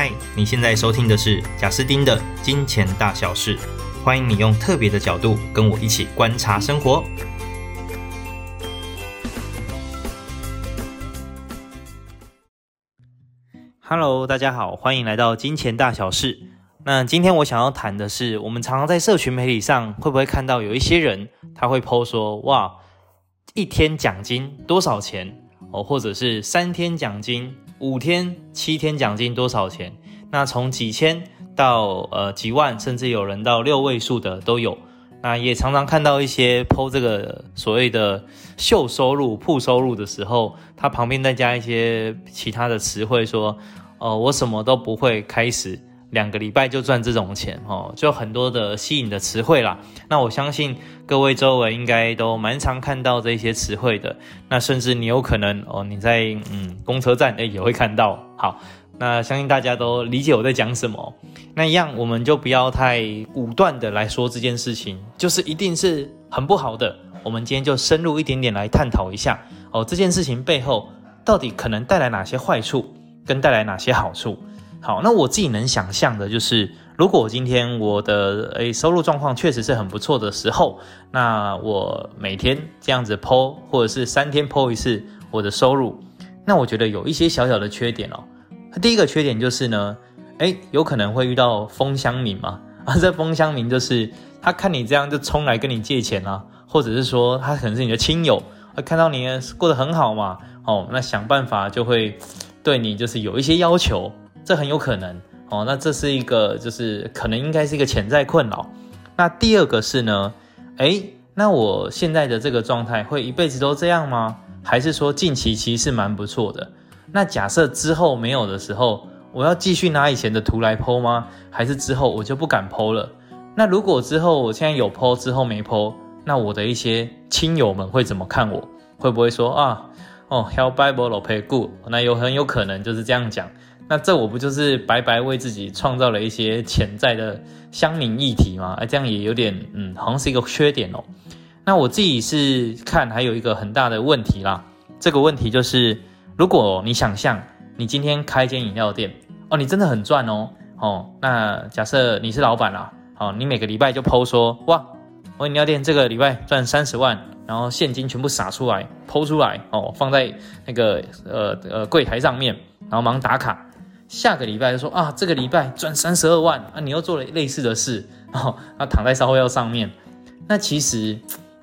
嗨，你現在收聽的是賈斯丁的《金錢大小事》，歡迎你用特別的角度跟我一起觀察生活。Hello，大家好，歡迎來到《金錢大小事》。那今天我想要談的是，我們常常在社群媒體上會不會看到有一些人他會 PO 說，哇，一天獎金多少錢哦，或者是三天獎金？五天、七天獎金多少錢？那從幾千到呃幾萬，甚至有人到六位數的都有。那也常常看到一些 po 這個所謂的秀收入、曝收入的時候，他旁邊再加一些其他的詞彙，說，呃，我什麼都不會，開始。兩個禮拜就賺這種錢哦，就很多的吸引的詞彙啦。那我相信各位周圍應該都蠻常看到這些詞彙的。那甚至你有可能哦，你在嗯公車站，欸，也會看到。好，那相信大家都理解我在講什麼。那一樣，我們就不要太武斷的來說這件事情，就是一定是很不好的。我們今天就深入一點點來探討一下哦，這件事情背後到底可能帶來哪些壞處，跟帶來哪些好處。好，那我自己能想象的就是，如果今天我的誒收入狀況確實是很不錯的時候，那我每天這樣子 po，或者是三天 po 一次我的收入，那我覺得有一些小小的缺點哦。第一個缺點就是呢，哎，有可能會遇到封箱民嘛，啊，這封箱民就是他看你這樣就衝來跟你借錢啊，或者是說他可能是你的親友，啊，看到你過得很好嘛，哦，那想辦法就會對你就是有一些要求。這很有可能哦，那這是一個，就是可能應該是一個潛在困擾。那第二個是呢？哎，那我現在的這個狀態會一輩子都這樣嗎？還是說近期其實蠻不錯的？那假設之後沒有的時候，我要繼續拿以前的圖來 po 嗎？還是之後我就不敢 po 了？那如果之後我現在有 po，之後沒 po，那我的一些親友們會怎麼看我？會不會說啊？哦，Help by b o l o pay good，那有很有可能就是這樣講。那這我不就是白白為自己創造了一些潛在的鄉民議題嗎？啊，這樣也有點，嗯，好像是一個缺點喔。那我自己是看還有一個很大的問題啦。這個問題就是，如果你想象你今天開一間飲料店，哦，你真的很賺喔，哦，那假設你是老闆啦，哦，你每個禮拜就 po 說，哇，我飲料店這個禮拜賺三十萬，然後現金全部撒出來，po 出來，哦，放在那個呃呃櫃台上面，然後忙打卡。下個禮拜就說啊，這個禮拜賺三十二萬啊，你又做了類似的事，然、哦、後、啊、躺在燒烤上面。那其實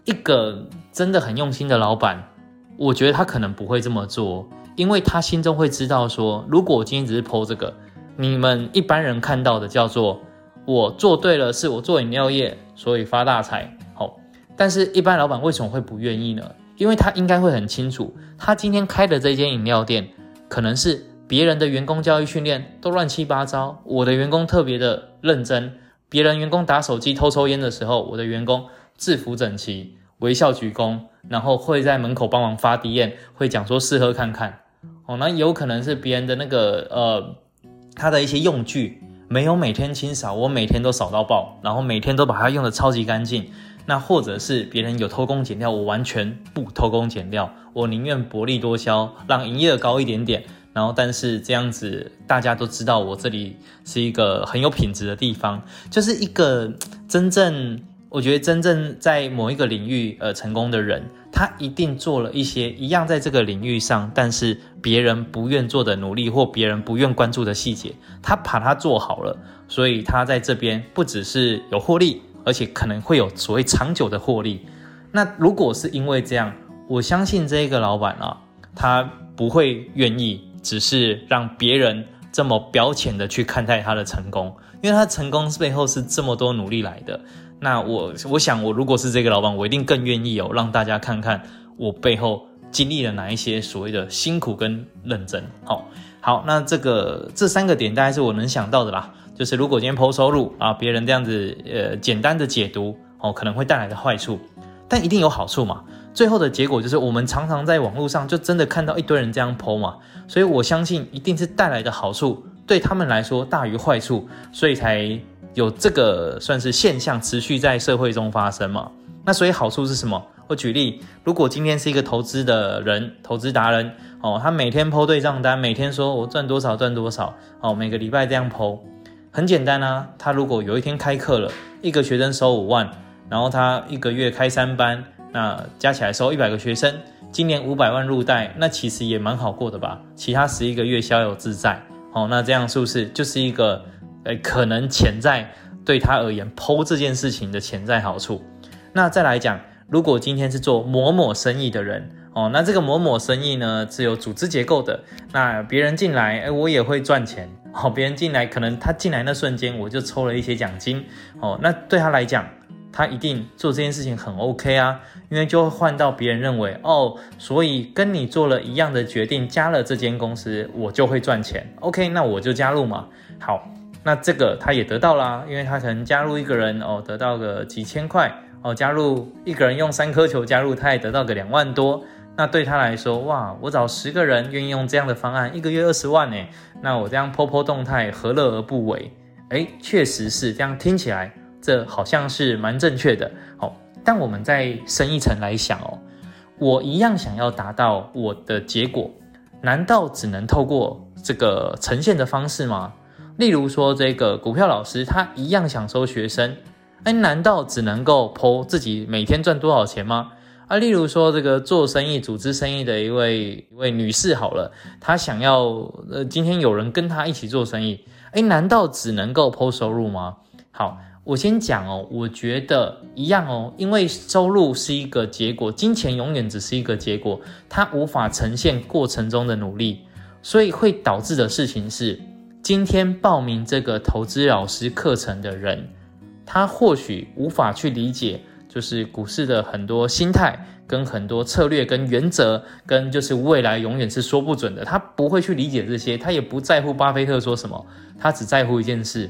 一個真的很用心的老闆，我覺得他可能不會這麼做，因為他心中會知道說，如果我今天只是 po 這個，你們一般人看到的叫做我做對了事，是我做飲料業，所以發大財。好、哦，但是一般老闆為什麼會不願意呢？因為他應該會很清楚，他今天開的這間飲料店可能是。別人的員工教育訓練都亂七八糟，我的員工特別的認真。別人員工打手機、偷抽菸的時候，我的員工制服整齊、微笑鞠躬，然後會在門口幫忙發體驗，會講說試喝看看。哦，那有可能是別人的那個呃，他的一些用具沒有每天清掃，我每天都掃到爆，然後每天都把它用得超級乾淨。那或者是別人有偷工減料，我完全不偷工減料，我寧願薄利多銷，讓營業額高一點點。然後，但是這樣子，大家都知道我這裡是一個很有品質的地方，就是一個真正，我覺得真正在某一個領域呃成功的人，他一定做了一些一樣在這個領域上，但是別人不願做的努力或別人不願關注的細節，他把它做好了，所以他在這邊不只是有獲利，而且可能會有所謂長久的獲利。那如果是因為這樣，我相信這一個老板啊，他不會願意。只是讓別人這麼表淺的去看待他的成功，因為他成功背後是這麼多努力來的。那我我想，我如果是這個老闆，我一定更願意哦，讓大家看看我背後經歷了哪一些所謂的辛苦跟認真。好、哦，好，那這個這三個點大概是我能想到的啦。就是如果今天 po 收入啊，別人這樣子呃簡單的解讀哦，可能會帶來的壞處，但一定有好處嘛。最後的結果就是，我們常常在網絡上就真的看到一堆人這樣 po 嘛，所以我相信一定是帶來的好處對他們來說大於壞處，所以才有這個算是現象持續在社會中發生嘛。那所以好處是什麼？我舉例，如果今天是一個投資的人，投資達人哦，他每天 po 對賬單，每天說我賺多少賺多少哦，每個禮拜這樣 po，很簡單啊。他如果有一天開課了，一個學生收五萬，然後他一個月開三班。那加起來收一百個學生，今年五百萬入袋，那其實也蠻好過的吧？其他十一個月逍遙自在，哦，那這樣是不是就是一個，誒、欸，可能潛在對他而言，po 這件事情的潛在好處？那再來講，如果今天是做某某生意的人，哦，那這個某某生意呢是有組織結構的，那別人進來，誒、欸，我也會賺錢，哦，別人進來，可能他進來那瞬間我就抽了一些獎金，哦，那對他來講。他一定做這件事情很 OK 啊，因為就會換到別人認為哦，所以跟你做了一樣的決定，加了這間公司，我就會賺錢。OK，那我就加入嘛。好，那這個他也得到啦啊，因為他可能加入一個人哦，得到個幾千塊哦，加入一個人用三顆球加入，他也得到個兩萬多。那對他來說，哇，我找十個人願意用這樣的方案，一個月二十萬哎，那我這樣 po po 動態何樂而不為？誒，確實是這樣聽起來。這好像是蠻正確的，好、哦，但我們再深一層來想哦，我一樣想要達到我的結果，難道只能透過這個呈現的方式嗎？例如說，這個股票老師他一樣想收學生，哎，難道只能夠 po 自己每天賺多少錢嗎？啊，例如說這個做生意、組織生意的一位一位女士好了，她想要呃，今天有人跟她一起做生意，哎，難道只能夠 po 收入嗎？好。我先講哦，我覺得一樣哦，因為收入是一個結果，金錢永遠只是一個結果，它無法呈現過程中的努力，所以會導致的事情是，今天報名這個投資老師課程的人，他或許無法去理解，就是股市的很多心態跟很多策略跟原則跟就是未來永遠是說不準的，他不會去理解這些，他也不在乎巴菲特說什麼，他只在乎一件事。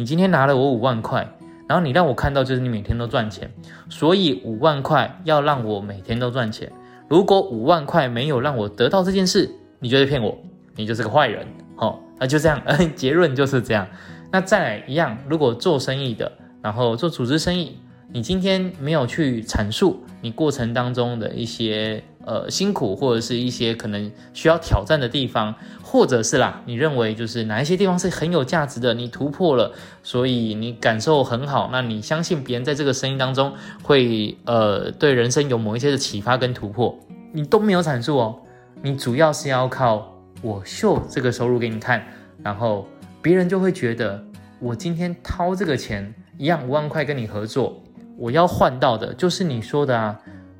你今天拿了我五萬塊，然後你讓我看到就是你每天都賺錢，所以五萬塊要讓我每天都賺錢。如果五萬塊沒有讓我得到這件事，你就是騙我，你就是個壞人。好、哦，那就這樣，結論就是這樣。那再來一樣，如果做生意的，然後做組織生意，你今天沒有去闡述你過程當中的一些呃辛苦或者是一些可能需要挑戰的地方。或者是啦，你認為就是哪一些地方是很有價值的，你突破了，所以你感受很好，那你相信別人在這個生意當中會呃對人生有某一些的啟發跟突破，你都沒有闡述哦，你主要是要靠我秀這個收入給你看，然後別人就會覺得我今天掏這個錢一樣五萬塊跟你合作，我要換到的就是你說的啊，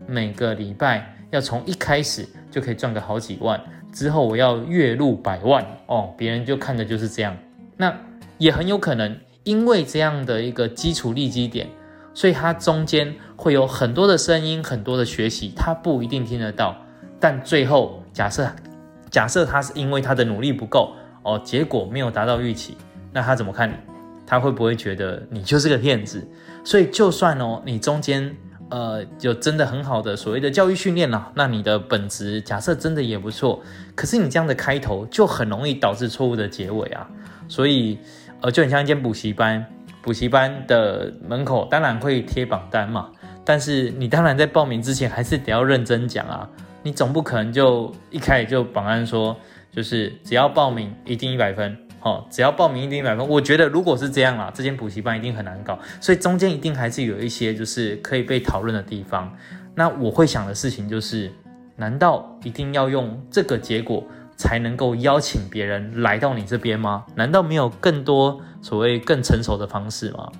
每個禮拜要從一開始就可以賺個好幾萬。之後我要月入百萬哦，別人就看的就是這樣，那也很有可能因為這樣的一個基礎利基點，所以他中間會有很多的聲音，很多的學習，他不一定聽得到。但最後假設，假設他是因為他的努力不夠哦，結果沒有達到預期，那他怎麼看你？他會不會覺得你就是個騙子？所以就算哦，你中間。呃，就真的很好的所謂的教育訓練啊，那你的本質假設真的也不錯，可是你這樣的開頭就很容易導致錯誤的結尾啊，所以呃，就很像一間補習班，補習班的門口當然會貼榜單嘛，但是你當然在報名之前還是得要認真講啊，你總不可能就一開始就榜單說，就是只要報名一定一百分。哦，只要報名一定一百分。我覺得如果是這樣啦，這間補習班一定很難搞。所以中間一定還是有一些就是可以被討論的地方。那我會想的事情就是，難道一定要用這個結果才能夠邀請別人來到你這邊嗎？難道沒有更多所謂更成熟的方式嗎？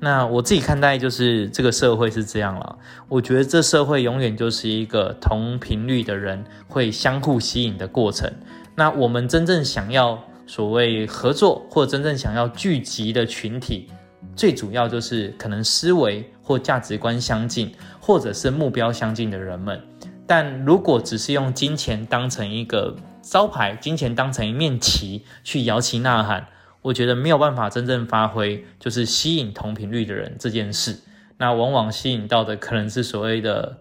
那我自己看待就是，這個社會是這樣了。我覺得這社會永遠就是一個同頻率的人會相互吸引的過程。那我們真正想要。所謂合作或真正想要聚集的群體，最主要就是可能思維或價值觀相近，或者是目標相近的人們。但如果只是用金錢當成一個招牌，金錢當成一面旗去搖旗吶喊，我覺得沒有辦法真正發揮，就是吸引同頻率的人這件事。那往往吸引到的可能是所謂的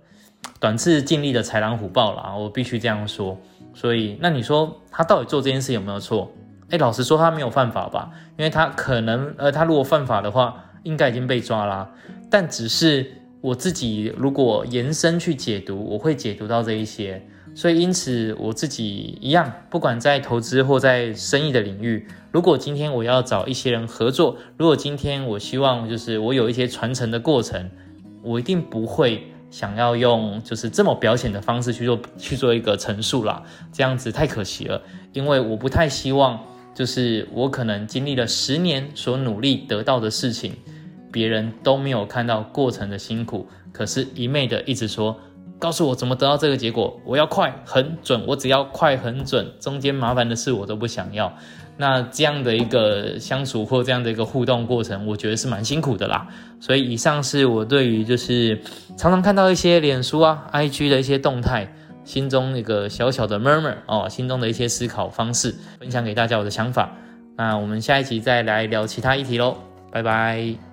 短視近利的豺狼虎豹了，我必須這樣說。所以，那你說他到底做這件事有沒有錯？哎，老實說，他沒有犯法吧？因為他可能，呃，他如果犯法的話，應該已經被抓啦、啊。但只是我自己，如果延伸去解讀，我會解讀到這一些。所以，因此我自己一樣，不管在投資或在生意的領域，如果今天我要找一些人合作，如果今天我希望就是我有一些傳承的過程，我一定不會想要用就是這麼表淺的方式去做去做一個陳述啦。這樣子太可惜了，因為我不太希望。就是我可能經歷了十年所努力得到的事情，別人都沒有看到過程的辛苦，可是一昧的一直說，告訴我怎麼得到這個結果，我要快很準，我只要快很準，中間麻煩的事我都不想要。那這樣的一個相處或這樣的一個互動過程，我覺得是蠻辛苦的啦。所以以上是我對於就是常常看到一些臉書啊、IG 的一些動態。心中那個小小的 murmur 哦，心中的一些思考方式，分享給大家我的想法。那我們下一期再來聊其他議題嘍，拜拜。